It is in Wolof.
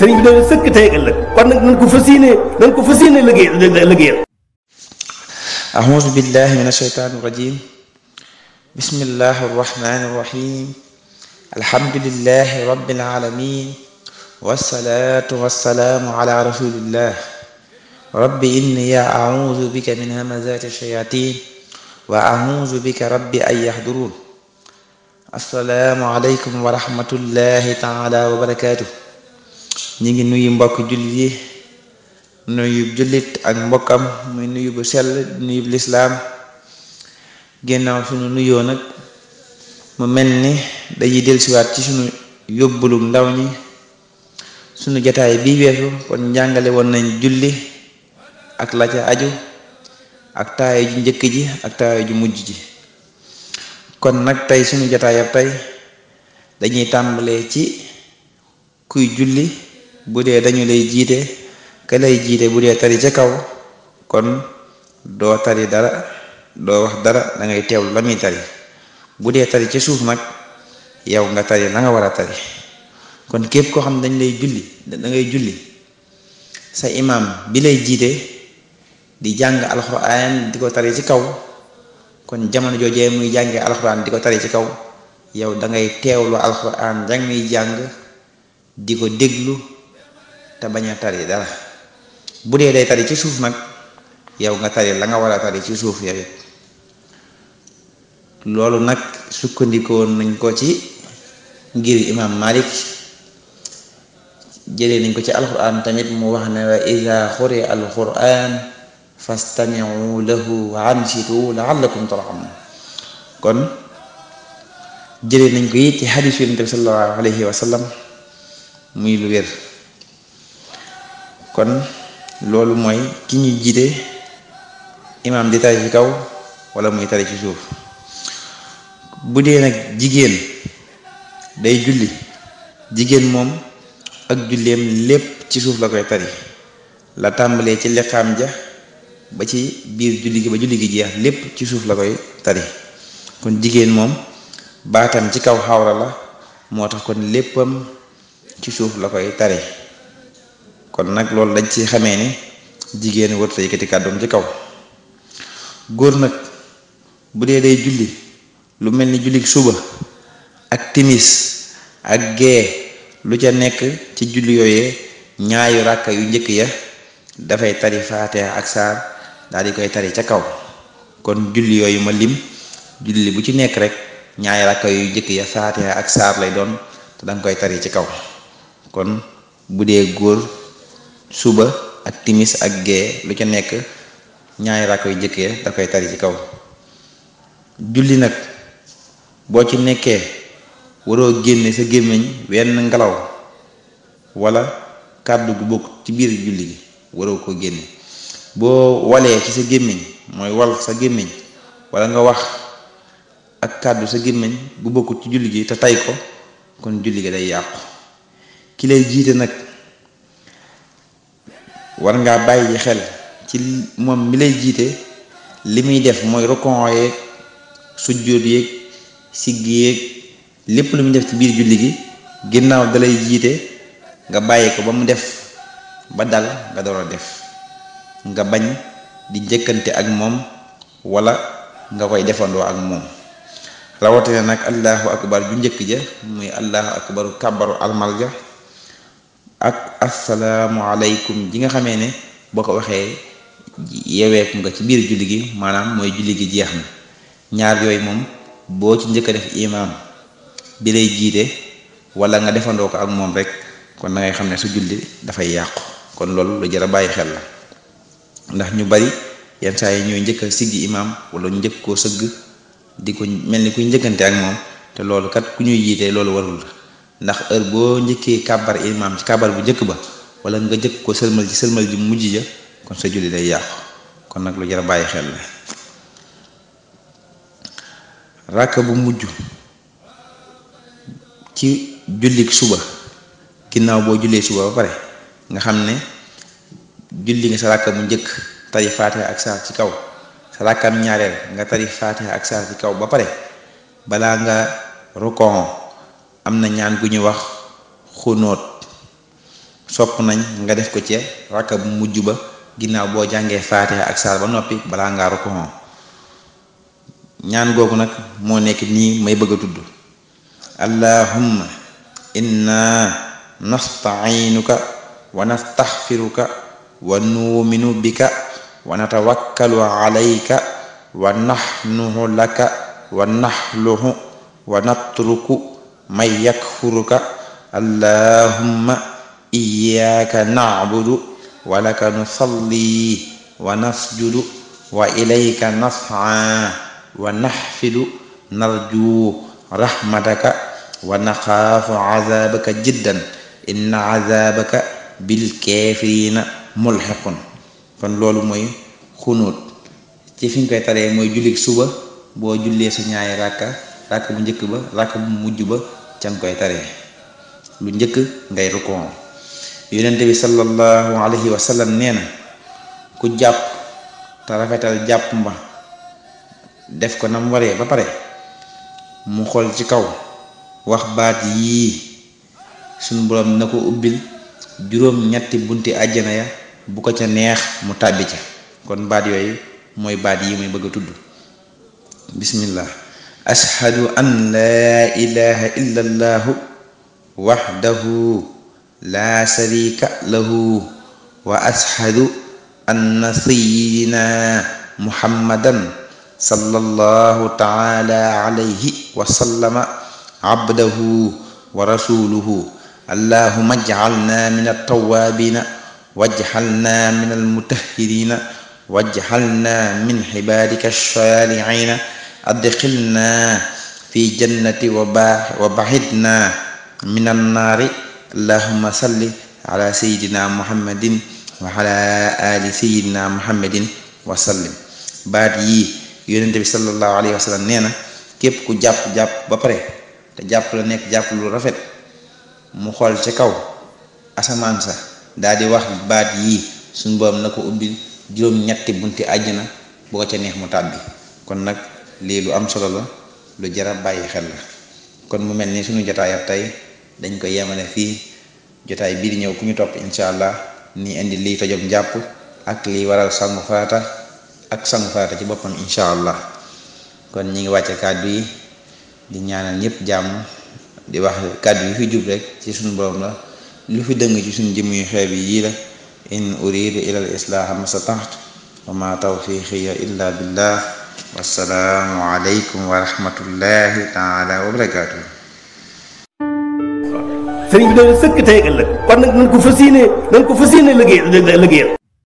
sëriñ bi dañu sëkk tey ëllëg kon nag nañ ko fas yéene nañ ko fas yéene liggéey liggéeyal أعوذ بالله من الشيطان الرجيم بسم الله الرحمن الرحيم الحمد لله رب العالمين والصلاة والسلام على رسول الله رب إني أعوذ بك من همزات الشياطين وأعوذ بك رب أن يحضرون السلام عليكم ورحمة الله تعالى وبركاته ñu ngi nuyu mbokk jullit yi nuyu jullit ak mbokkam muy nuyu bu sell nuyu bu lislaam génnaaw suñu nuyoo nag mu mel ni dañuy dellusiwaat ci suñu yóbbulu ndaw ñi suñu jataay bii weesu kon njàngale woon nañ julli ak la ca aju ak taayo ju njëkk ji ak taayo ju mujj ji kon nag tey suñu jataay ab tey dañuy tàmbalee ci kuy julli bu dee dañu lay jiite ka lay jiite bu dee tari ca kaw kon doo tari dara doo wax dara dangay ngay teewlu la muy tari bu dee tari ca suuf nag yow nga tari la nga war a tari kon képp koo xam ne dañ lay julli da julli sa imaam bi lay jiite di jàng alxuraan di ko tari ci kaw kon jamono joojee muy jàngee alxuraan di ko tari ci kaw yow dangay ngay teewlu alxuraan jàng muy jàng di ko déglu te bañ a tari dara bu dee day tari ci suuf nag yow nga tari la nga war a tari ci suuf yow it loolu nag sukkandikoo nañ ko ci ngir imam malik jëlee nañ ko ci alquran tamit mu wax ne wa ida xuri alquran fastamiu lahu wa ansitu laallakum turhamun kon jëlee nañ ko it ci xadis yonent bi sallallahu alayhi wa sallam muy lu wér kon loolu mooy ki ñuy jiite imaam di tari ci kaw wala muy tari ci suuf bu dee nag jigéen day julli jigéen moom ak julleem lépp ci suuf la koy tari la tàmbalee ci liqaam ja ba ci biir julli gi ba julli gi jeex lépp ci suuf la koy tari kon jigéen moom baatam ci kaw xawra la moo tax kon léppam ci suuf la koy tari kon nag loolu dañ ci xamee ni jigéen wër te yëkkati kàddoom ci kaw góor nag bu dee day julli lu mel ni jullik suba ak timis ak gee lu ca nekk ci julli yooyee ñaayu ràkka yu njëkk ya dafay tari faatiha ak saar daal di koy tari ca kaw kon julli yooyu ma lim julli bu ci nekk rek ñaari rakka yu njëkk ya faatiha ak saar lay doon te danga koy tari ci kaw kon bu dee góor suba ak timis ak gee lu ca nekk ñaari raa koy jëkkee da tari ci kaw julli nag boo ci nekkee waroo génne sa gémmiñ wenn ngelaw walla kàddu gu bokk ci biir julli gi waroo ko génne boo walee ci sa gémmiñ mooy wal sa gémmiñ walla nga wax ak kàddu sa gémmiñ gu bokkut ci julli gi te tay ko kon julli gi day yàqu ki lay jiite nag war ngaa bàyyi xel ci moom mi lay jiite li muy def mooy rokon yeeg sujjóot yeeg sigg yeeg lépp lu muy def ci biir julli gi ginnaaw dalay jiite nga bàyyi ko ba mu def ba dal nga door a def nga bañ di njëkkante ak moom walla nga koy defandoo ak moom rawatina nag allahu akbar ju njëkk ja muy allahu akbaru kàbbaru almal ja ak asalaamualeykum ji nga xamee ne boo ko waxee yeweeku nga ci biir julli gi maanaam mooy julli gi jeex na ñaar yooyu moom boo ci njëkk a def imaam bi lay jiite wala nga defandoo ko ak moom rek kon da xam ne su julli dafay yàqu kon loolu lu jar a bàyyi xel la ndax ñu bari yenn saa yi ñooy njëkk sigg siggi imaam wala ñu njëkk koo sëgg di ko mel ni kuy njëkkante ak moom te loolu kat ku ñuy jiite loolu warul la ndax heure boo njëkkee kabar imaam ci kabar bu njëkk ba walla nga jëkk ko sëlmal ci sëlmal ji mujj ja kon sa julli day yàqu kon nag lu jar bàyyi xel la ràkka bu mujj ci jullik suba ginnaaw boo jullee suba ba pare nga xam ne julli nga sa ràkka bu njëkk tari faatiha ak saar ci kaw sa ràkkaam ñaareel nga tari faatiha ak saar ci kaw ba pare balaa nga rokon am na ñaan gu ñu wax xunóot sopp nañ nga def ko ci rakka mujj ba ginnaaw boo jàngee faatiha ak saar ba noppi balaa ngaa rukkoo ñaan googu nag moo nekk nii may bëgg a tudd allahumma inna nasta'inuka wa nastaghfiruka wa nu'minu bika wa natawakkalu alayka wa nahnuhu laka wa nahluhu wa natruku may yakfuruka allahumma iyyaka na'budu wa laka nusalli wa nasjudu wa ilayka nas'a wa nahfidu narju rahmataka wa naxaafu azaabaka jiddan inna azaabaka bil kaafirina mulhiqun kon loolu mooy xunuut ci fi ñu mooy jullik suba boo jullee sa ñaari ràkka ràkk bu njëkk ba ràkk bu mujj ba ca nga koy taree lu njëkk ngay rukon yonente bi sallallahu alayhi wa sallam nee na ku jàpp te rafetal jàpp mba def ko nam waree ba pare mu xool ci kaw wax baat yii sunu boroom na ko ubbil juróom ñetti bunti àjjana ya bu ko ca neex mu tàbbi ca kon baat yooyu mooy baat yi muy bëgg a tudd bismillah ashhadu an laa ilaha illa allahu waxdahu laa sharika lahu wa ashhadu anna sayyidina muhammadan sallallahu taala alayhi wa sallama abdahu wa rasuluhu allahumma ij'alna min at-tawwabina waj'alna min al-mutahhirina waj'alna min ibadika ash-shali'ina adxilna fi jannati wa ba wa baxidna min annaari allahuma salli ala wa ala sayidina muhammadin wa sallim baat yii yonente bi sallallahu alayhi wa sallam nee na képp ku jàpp-jàpp ba pare te jàpp la nekk jàpp lu rafet mu xool ci kaw asamaan sa daal di wax baat yii suñ boom na ko ubbi juróom-ñetti bunti àjjana boo ci neex mu tàbbi kon nag lii lu am solo la lu jara bàyyi xel la kon mu mel ni suñu jotaay tey dañ ko yemale fii jotaay bii di ñëw ku ñu topp incha allah ni indi lii tojom jàpp ak lii waral sangu farata ak sangu farata ci boppam incha allah kon ñu ngi wàcce kàddu yi di ñaanal ñëpp jàmm di wax kàddu yi fi jub rek ci suñu borom la lu fi dëng ci suñu jëmm yu xeeb yi yii la in uridu ila al islaaha ma stata'tu wa ma tawfiqiya illa billah wassalaamu aleykum wa rahmatullahi taala wa barakaatu. sëriñ bi de sëkk tey ëllëg kon nag nañ ko fas yéene nañ ko fas yéene liggéey liggéeyal